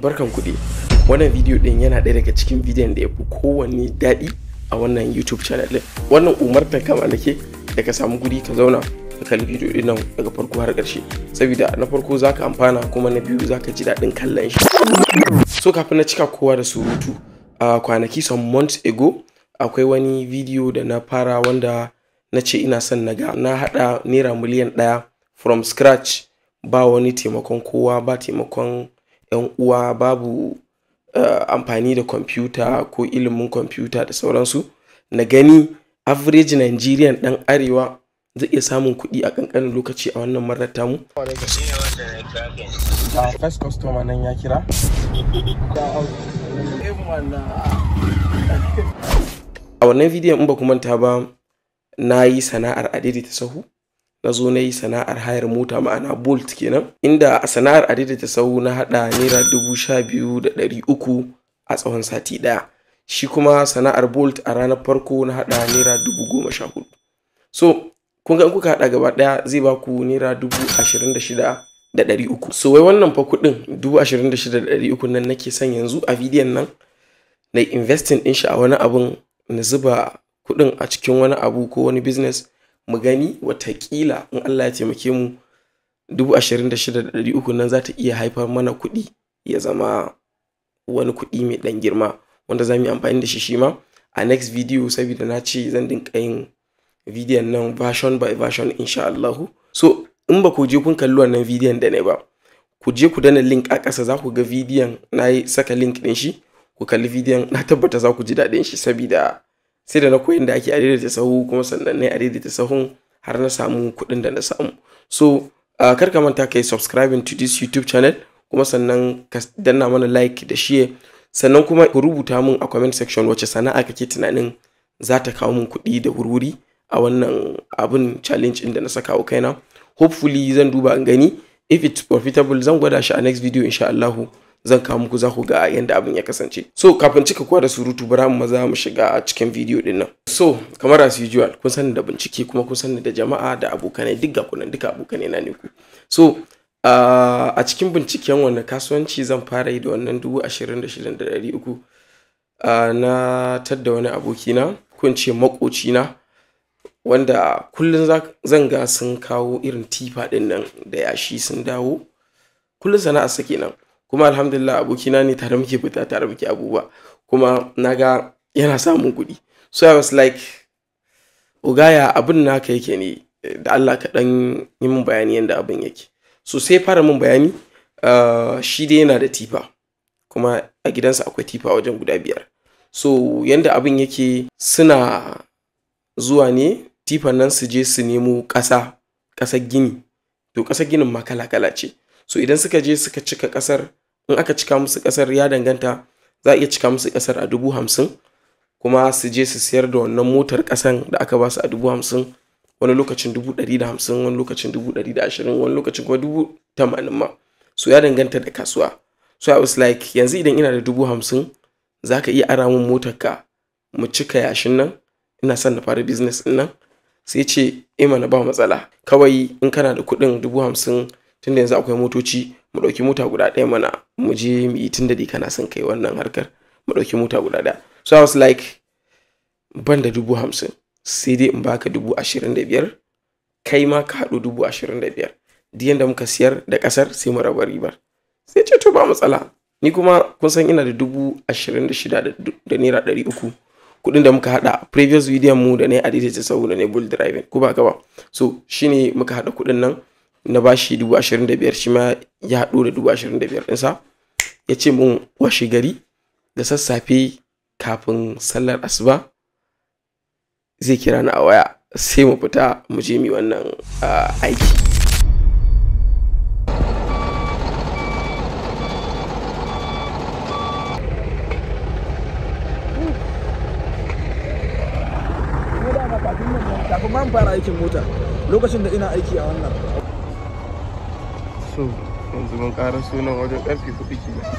barkan kuɗi wannan bidiyo din yana ɗaya daga cikin bidiyon da ya fi kowanne daɗi a wannan youtube channel din wannan umartar kama nake da ka samu guri ka zauna ka kalli bidiyo ɗin nan daga farko har ƙarshe saboda na farko za ka amfana kuma na biyu za ka ji daɗin kallon shi so kafin na cika kowa da surutu a kwanaki some months ago akwai wani bidiyo da na fara wanda na ce ina son na ga na haɗa naira miliyan ɗaya from scratch ba wani taimakon kowa ba taimakon 'yan uwa babu uh, amfani da kwamfuta ko ilimin kwamfuta da sauransu na gani average nigerian ɗan arewa zai iya samun kuɗi a ƙanƙanin lokaci a wannan marar tamu. A wannan bidiyon in ba ku ta ba na yi sana'ar adiri ta sahu na zo na yi sana'ar hayar mota ma'ana bolt kenan inda a sana'ar ta sau na hada naira dubu sha biyu da ɗari uku a tsawon sati ɗaya shi kuma sana'ar bolt a ranar farko na hada naira dubu goma sha hudu so kun ga kuka haɗa gaba ɗaya zai ba ku naira dubu ashirin da shida da ɗari uku so wai wannan fa kuɗin dubu ashirin da shida da ɗari uku nan nake son yanzu a bidiyon nan na investing ɗin shi a wani abun na zuba kuɗin a cikin wani abu ko wani business mu gani watakila in Allah ya taimake mu dubu ashirin da shida da ɗari uku nan za ta iya haifar mana kuɗi ya zama wani kuɗi mai ɗan girma wanda za mu yi amfani da shi shi ma a next video saboda na ce zan dinka yin bidiyon nan version by version insha Allahu so in ba ku je kun kalli wannan bidiyon da ne ba ku je ku dana link a ƙasa za ku ga bidiyon na saka link ɗin shi ku kalli bidiyon na tabbata za ku ji daɗin shi saboda sai da na koyi da ake adaidaita sahu kuma sannan ne adaidaita sahun har na samu kuɗin da na samu so uh, kar ka manta ka yi subscribing to this youtube channel kuma sannan ka danna mana like da share sannan kuma ku rubuta mun a comment section wacce sana'a kake tunanin za ta kawo mun kuɗi da wurwuri a wannan abun challenge din da na saka wa kaina hopefully zan duba in gani if it's profitable zan gwada shi a next video insha Allahu zan kawo muku za ku ga yadda abin ya kasance so kafin cika kuwa da surutu bara mu maza mu shiga cikin bidiyo din nan so kamar as usual kun sani da bincike kuma kun sani da jama'a da abokanai duk ga kunan duka abokanai na ne ku so ah, a cikin binciken wannan kasuwanci zan fara yi da wannan dubu ashirin da shirin da ɗari uku ah, na tadda wani abokina ko in ce maƙocina, wanda kullum zan ga sun kawo irin tifa ɗin nan da yashi sun dawo kullum sana'a sake nan kuma alhamdulillah abokina ne tare muke fita tare muke abubuwa kuma na ga yana samun kuɗi so i was like ugaya abin naka yake ne da Allah ka dan yi min bayani yadda abin yake so sai fara min bayani ah, shi dai yana da tifa kuma a gidansa akwai tifa wajen guda biyar so yadda abin yake suna zuwa ne tifan nan su je su nemo ƙasa ƙasar gini to ƙasar ginin ma kala kala ce so idan suka je suka cika ƙasar in aka cika musu kasar ya danganta za a iya cika musu kasar a dubu hamsin kuma su je su siyar da wannan motar kasan da aka ba su a dubu hamsin wani lokacin dubu ɗari da hamsin wani lokacin dubu ɗari da ashirin wani lokacin kuma dubu tamanin ma so ya danganta da kasuwa so i was like yanzu idan ina da dubu hamsin za ka iya ara min motar ka mu cika yashin nan ina son na fara business din nan sai ce e ba matsala kawai in kana da kuɗin dubu hamsin tunda yanzu akwai motoci mu ɗauki mota guda ɗaya mana mu je mu yi tun da kana son kai wannan harkar mu ɗauki mota guda ɗaya so i was like ban da dubu hamsin sai dai in baka dubu ashirin da biyar kai ma ka haɗu dubu ashirin da biyar duk yadda muka siyar da ƙasar sai mu raba ribar sai ce to ba matsala ni kuma kun san ina da dubu ashirin da shida da naira ɗari uku kuɗin da muka haɗa previous video mu da ne a daidaita saboda ne bull driving ko ba ka ba so shine muka haɗa kuɗin nan na bashi dubu ashirin da biyar shi ma ya haɗo da dubu ashirin da biyar ɗinsa ya ce mun washe gari da sassafe kafin sallar asuba zai kira ni a waya sai mu fita mu je mi wannan ah, aiki kafin ma fara aikin mota lokacin da ina aiki a wannan so yanzu mun ƙara sunan wajen ƙarfe kuɗi kenan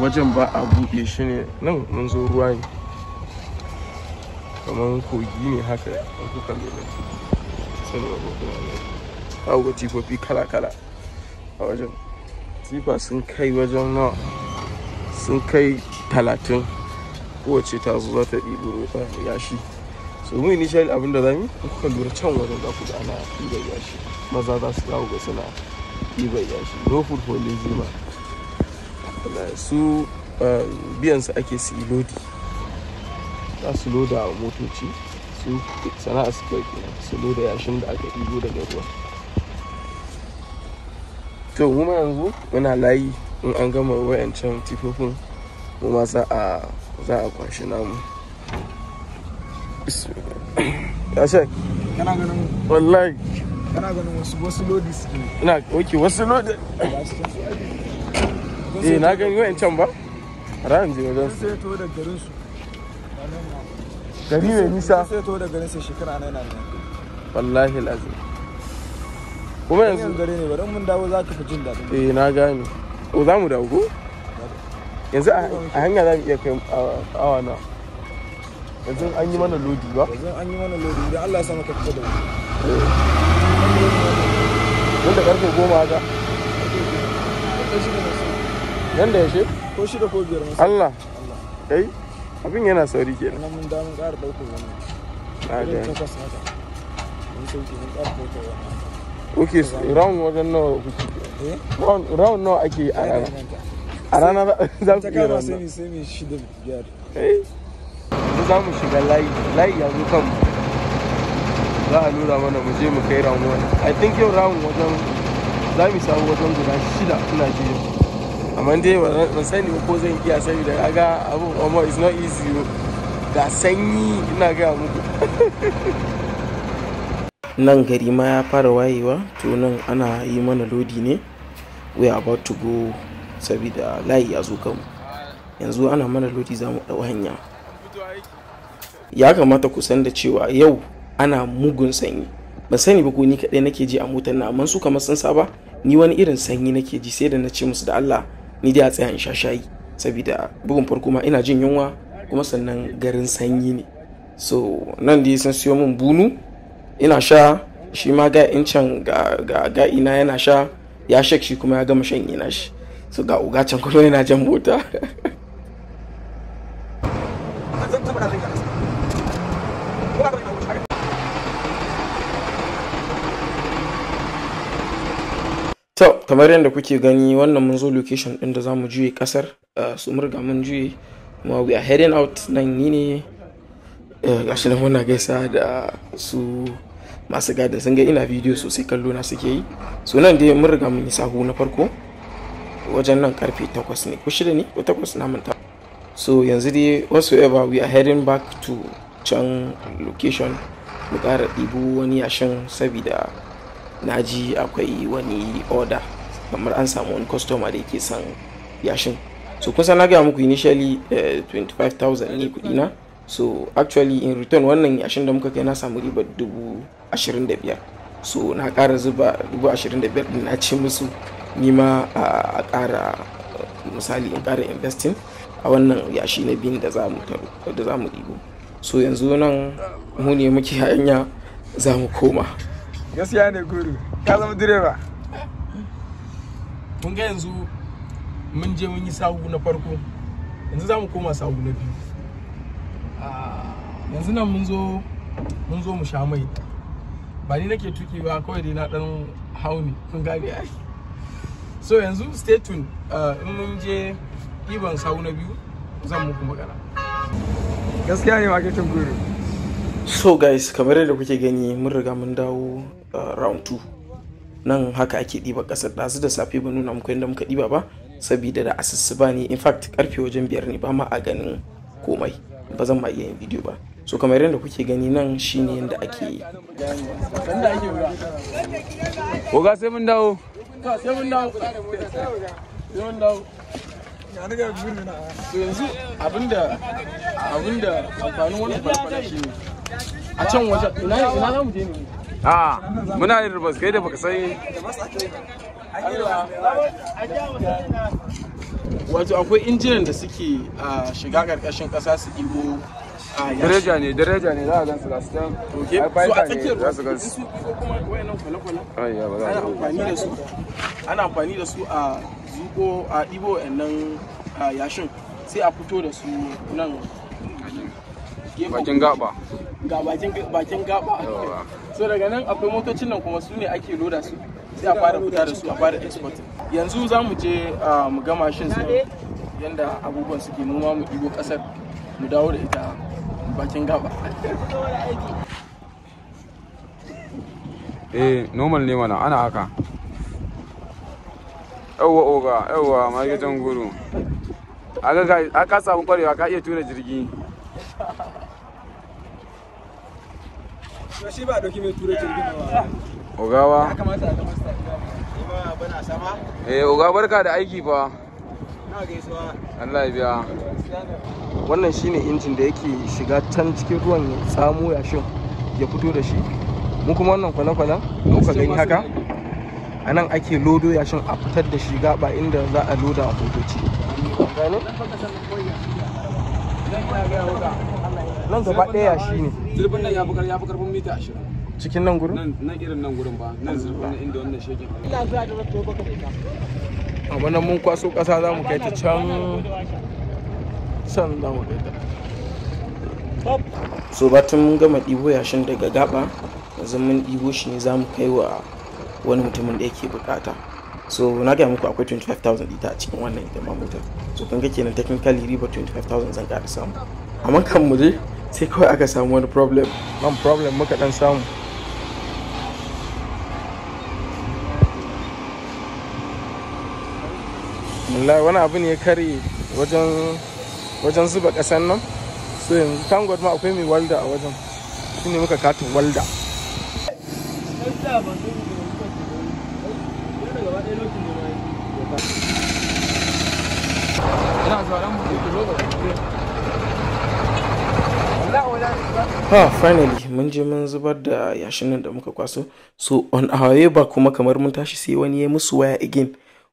wajen ba a buɗe shi ne nan mun zo ruwa ne kamar kogi ne haka an kuka lura sani wa kuma ne abubuwa tifofi kala-kala a wajen tifa sun kai wajen nawa sun kai talatin kowace ta zuwa za ta ɗibo ya yashi so mu initial abin da za mu kuka lura can wajen za ku da ana ɗiba yashi maza za su dawo ga sana'a ɗiban yashi no food for su um, biyan su ake su lodi za su loda a motoci su sana'a su kai su loda yashin da aka ɗigo daga ruwa to mu yanzu muna layi in an gama wayancan tifofin mu ma za a za a kwashi namu ya shek kana ganin wallahi kana ganin wasu wasu lodi suke ina okay wasu lodi eh na gani wayancan ba ran je wajen sai to da garin su gari mai nisa sai to da garin sa shekara nan nan wallahi kuma yanzu gare ne bari mun dawo zaka fi jin daɗi eh na gane ko za mu dawo ko yanzu a hanya za mu iya kai awa na yanzu an yi mana lodi ba yanzu an yi mana lodi idan Allah ya sa maka fita da wuri tun da karfe goma ga. nan da ya yaushe ko shi da ko biyar Allah kai abin yana sauri ke nan mun damun mun ƙara ɗaukar wani na ga takwas haka mun sauki mun ƙara ɗaukar wani ok round wajen nawa kuke eh? round nawa ake a rana a rana za ku iya kama sai mu shida biyar eh za mu shiga layi layi ya zo kan mu. za a nuna mana mu je mu kai ramu i think yau ramun wajen za mu samu wajen guda shida ina ji amma dai ban sani ko zan iya saboda da ga abun amma it's not easy ga sanyi ina ga muku nan gari ma ya fara wayewa to nan ana yi mana lodi ne we are about to go saboda layi ya zo kanmu yanzu ana mana lodi za mu hanya ya kamata ku san da cewa yau ana mugun sanyi ban sani ba ko ni kaɗai nake ji a motar na amma su kamar sun saba ni wani irin sanyi nake ji sai da na ce musu da Allah ni dai a tsaya in sha shayi saboda bugun farko ma ina jin yunwa kuma sannan garin sanyi ne so nan dai sun siyo min bunu ina sha shi ma ga incan ga ga, ga ina yana sha ya shek shi kuma ya gama shan ina shi so ga uga can kuma yana jan mota To, kamar yadda kuke gani wannan mun zo location din da zamu juye kasar eh, su murga mun juye kuma we are heading out nan ni ne eh, gashi nan muna gaisa da su masu gada sun ga ina bidiyo sosai kallo na suke yi so nan dai mun riga mun yi sahu na farko wajen nan karfe 8 ne ko 6 ne ko 8 na manta so yanzu dai ever we are heading back to can location mu kara dibu wani yashin sabida na ji akwai wani order kamar an samu wani customer da yake son yashin so kun san na gaya muku initially uh, eh, 25,000 ne kudi na so actually in return wannan yashin da muka kai na samu ribar dubu ashirin da biyar so na ƙara zuba dubu ashirin da biyar na ci musu nima a ƙara misali in kara investing a wannan yashi na biyun da za mu ɗibo so yanzu nan mu ne muke hanya za mu koma gaskiya ne guru ka zama direba mun ga yanzu mun je mun yi sahu na farko yanzu za mu koma sahu na biyu ah, yanzu nan mun zo mun zo mu sha mai ba ni nake tuki ba kawai dai na dan hauni mun gane ai so yanzu stay tuned ah, in mun je ɗiban sahu na biyu zan muku magana gaskiya ne marketing guru so guys kamar yadda kuke gani mun riga mun dawo Uh, round 2 nan haka ake ɗiba ƙasar ɗazu da safe ba nuna muku yadda muka ɗiba ba saboda da asusuba ne in fact karfe wajen biyar ne ba ma a ganin komai ba zan ma iya yin bidiyo ba so kamar yadda kuke gani nan shine yadda ake yi sai Sai mun dawo. yanzu abinda abinda amfanin farfara shi ne. A can wajen ina za mu je ne. a ah, muna yin rubas kai da baka sai wato akwai injinan da suke ah, shiga karkashin kasa su ibo ah, daraja ne daraja ne za a gan su ga su can so a tsakiyar za su gan su kuma wayannan kwale-kwale ana amfani da su ana amfani da su a zuko a ibo wayannan yashin sai a fito da su nan bakin gaba bakin gaba so daga nan akwai motocin nan kuma su ne ake loda su sai a fara fita da su a fara export yanzu za mu je mu ga mashin su yanda abubuwan suke noma mu ɗigo ƙasar mu dawo da ita bakin gaba eh normal ne mana ana haka yawwa oga yawwa magitan guru ka samu kwarewa ka iya tura jirgi shi ba doki mai tura jirgin ba ogawa ya kamata ga masta ba bana sama eh ogawa barka da aiki fa na gaisuwa Allah ya biya wannan shine injin da yake shiga can cikin ruwan ya tsamo yashin ya fito da shi mu kuma wannan kwale-kwalen muka gani haka a nan ake lodo yashin a fitar da shiga ba inda za a loda a motoci gane? nan gaba ɗaya shi ne zurfin nan ya fi ya fi karfin mita 20 cikin nan gurin nan irin nan gurin ba nan zurfin nan inda wannan shekin ina zuwa da wato baka da a wannan mun kwaso ƙasa za mu kai ta can san da mu kai ta so batun mun gama ɗibo yashin daga gaba yanzu mun ɗibo shi ne za mu kai wa wani mutumin da yake bukata so na gaya muku akwai 25,000 ita a cikin wannan ita ma motar so kan ga kenan technically riba 25,000 zan ƙara samu amma kan mu dai sai kawai aka samu wani problem man problem muka dan samu wallahi wani abu ne ya kare wajen wajen zuba kasan nan so yanzu tangod ma akwai mai walda a wajen ne muka katin walda ina zuwa ran ba. ha finally mun je mun zubar da yashin nan da muka kwaso so on our way ba kuma kamar mun tashi sai wani ya musu waya again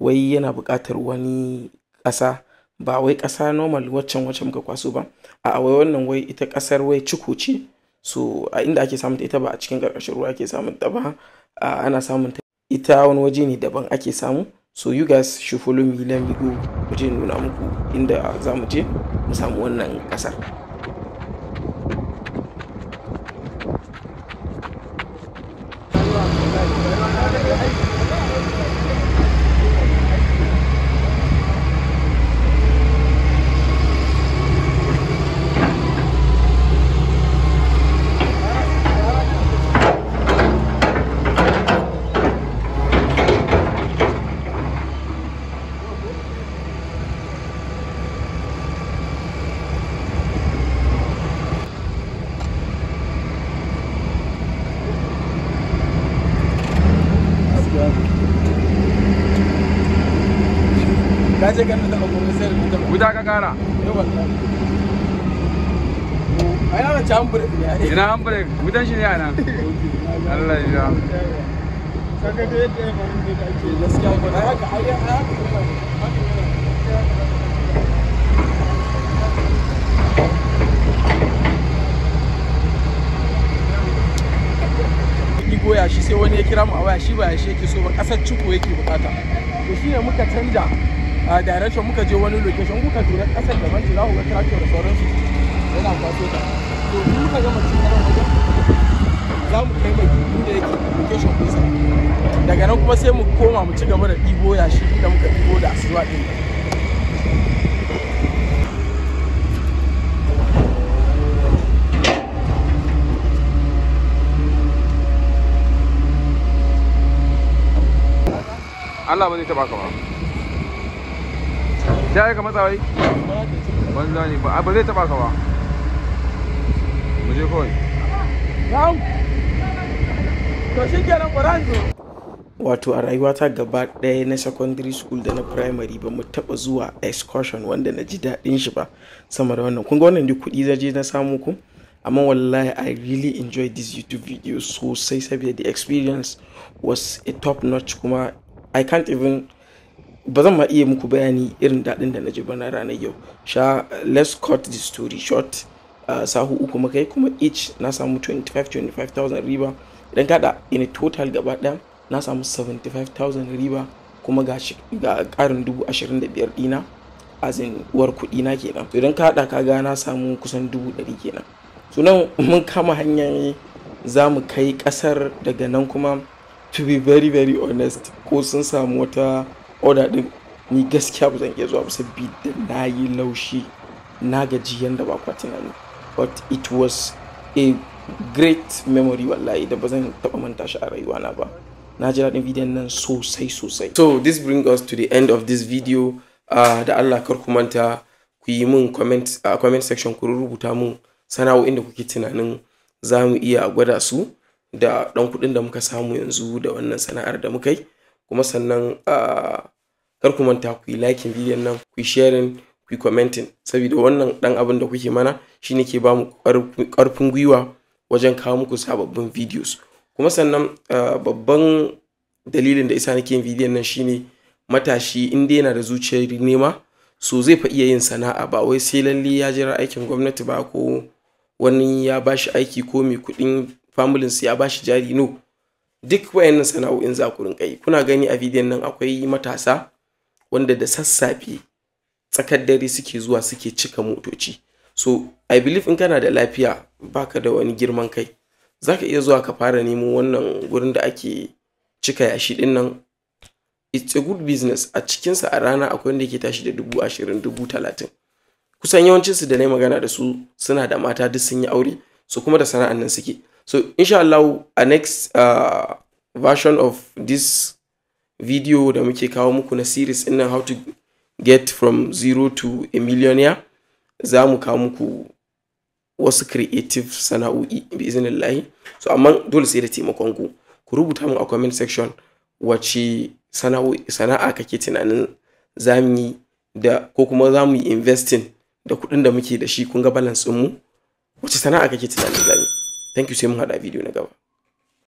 wai yana buƙatar wani ƙasa ba wai ƙasa normal waccan wacce muka kwaso ba a wai wannan wai ita ƙasar wai ciko ce so a inda ake samun ta ita ba a cikin ƙarƙashin ruwa ake samun ta ba ana samun ta ita wani waje ne daban ake samu so you guys should follow me let me go waje nuna muku inda za mu je mu samu wannan ƙasar ce da abu sai da ka kara eh, ai ana ne ina shi ne ana Allah ya da yadda da gaskiya ko da haka ai goya shi sai wani ya kira mu a waya shi ba ya shi yake so ba kasar ciko yake bukata to ne muka canja direction muka je wani location kuka tura kasar da banki za ku ga tractor da sauransu yana kwaso ta to in muka gama cin karan wajen za mu kai mai inda yake location kusa daga nan kuma sai mu koma mu ci gaba da ɗibo yashi da muka ɗibo da asuwa ɗin Allah ba zai taba ka ba. ya ka matsa banza ba zai taba ka ba Muje kawai yau to shi kenan wato a rayuwata gaba ɗaya na secondary school da na primary ba mu taɓa zuwa excursion wanda na ji daɗin shi ba sama da wannan kun ga wannan duk kuɗi zaje na samu ku amma wallahi i really enjoy this youtube video sosai saboda the experience was a top notch kuma i can't even ba zan ma iya muku bayani irin daɗin da na ji bana ranar yau sha let's cut the story short uh, sahu uku yi kuma each na samu 25-25,000 riba idan kada in total gaba ɗaya na samu 75,000 riba kuma ga ƙarin dubu ashirin da biyar ɗina azin kuɗi na kenan idan ka ka ga na samu kusan dubu ɗari kenan sunan mun kama hanyar za mu kai ƙasar daga nan kuma to be very very honest ko sun samu wata oda din ni gaskiya ba zan iya zuwa ba saboda na yi laushi na gaji yanda ba kwa tunani but it was a great memory wallahi da bazan zan taɓa manta shi a rayuwana ba na ji daɗin bidiyon nan sosai sosai so this bring us to the end of this video ah, da Allah kar ku manta ku yi min comment a comment section ku rubuta mun sana'o'in da kuke tunanin za mu iya gwada su da ɗan kuɗin da muka samu yanzu da wannan sana'ar da muka yi kuma sannan ah, kar ku manta ku yi likin bidiyon nan ku yi sharing ku yi commenting saboda wannan dan abin da kuke mana shine ke bamu karfin gwiwa wajen kawo muku sababbin videos kuma sannan ah, babban dalilin da isa nake yin bidiyon nan shine matashi in dai yana da zuciyar nema so zai fa iya yin sana'a ba wai sai lalle ya jira aikin gwamnati ba ko wani ya bashi aiki ko mai kuɗin familin ya bashi jari no duk wayannan sana'o'in za ku kuna gani a bidiyon nan akwai matasa wanda da sassafe tsakar dare suke zuwa suke cika motoci so i believe in kana da lafiya baka da wani girman kai zaka iya zuwa ka fara nemo wannan gurin da ake cika yashi din nan it's a good business a cikinsa a rana akwai wanda ke tashi da dubu ashirin dubu talatin kusan yawancinsu da na magana da su suna da mata duk sun yi aure su kuma da sana'an nan suke so inshallah a next uh, version of this video da muke kawo muku na series in how to get from zero to a millionaire za mu kawo muku wasu creative sana'o'i bi izinillahi so amma dole sai da taimakon ku ku rubuta mu a comment section wace sana'a kake tunanin za mu yi da ko kuma za mu yi investing da kuɗin da muke da shi kun ga balance mu wace sana'a kake tunanin za Thank you sai mun haɗa a video na gaba.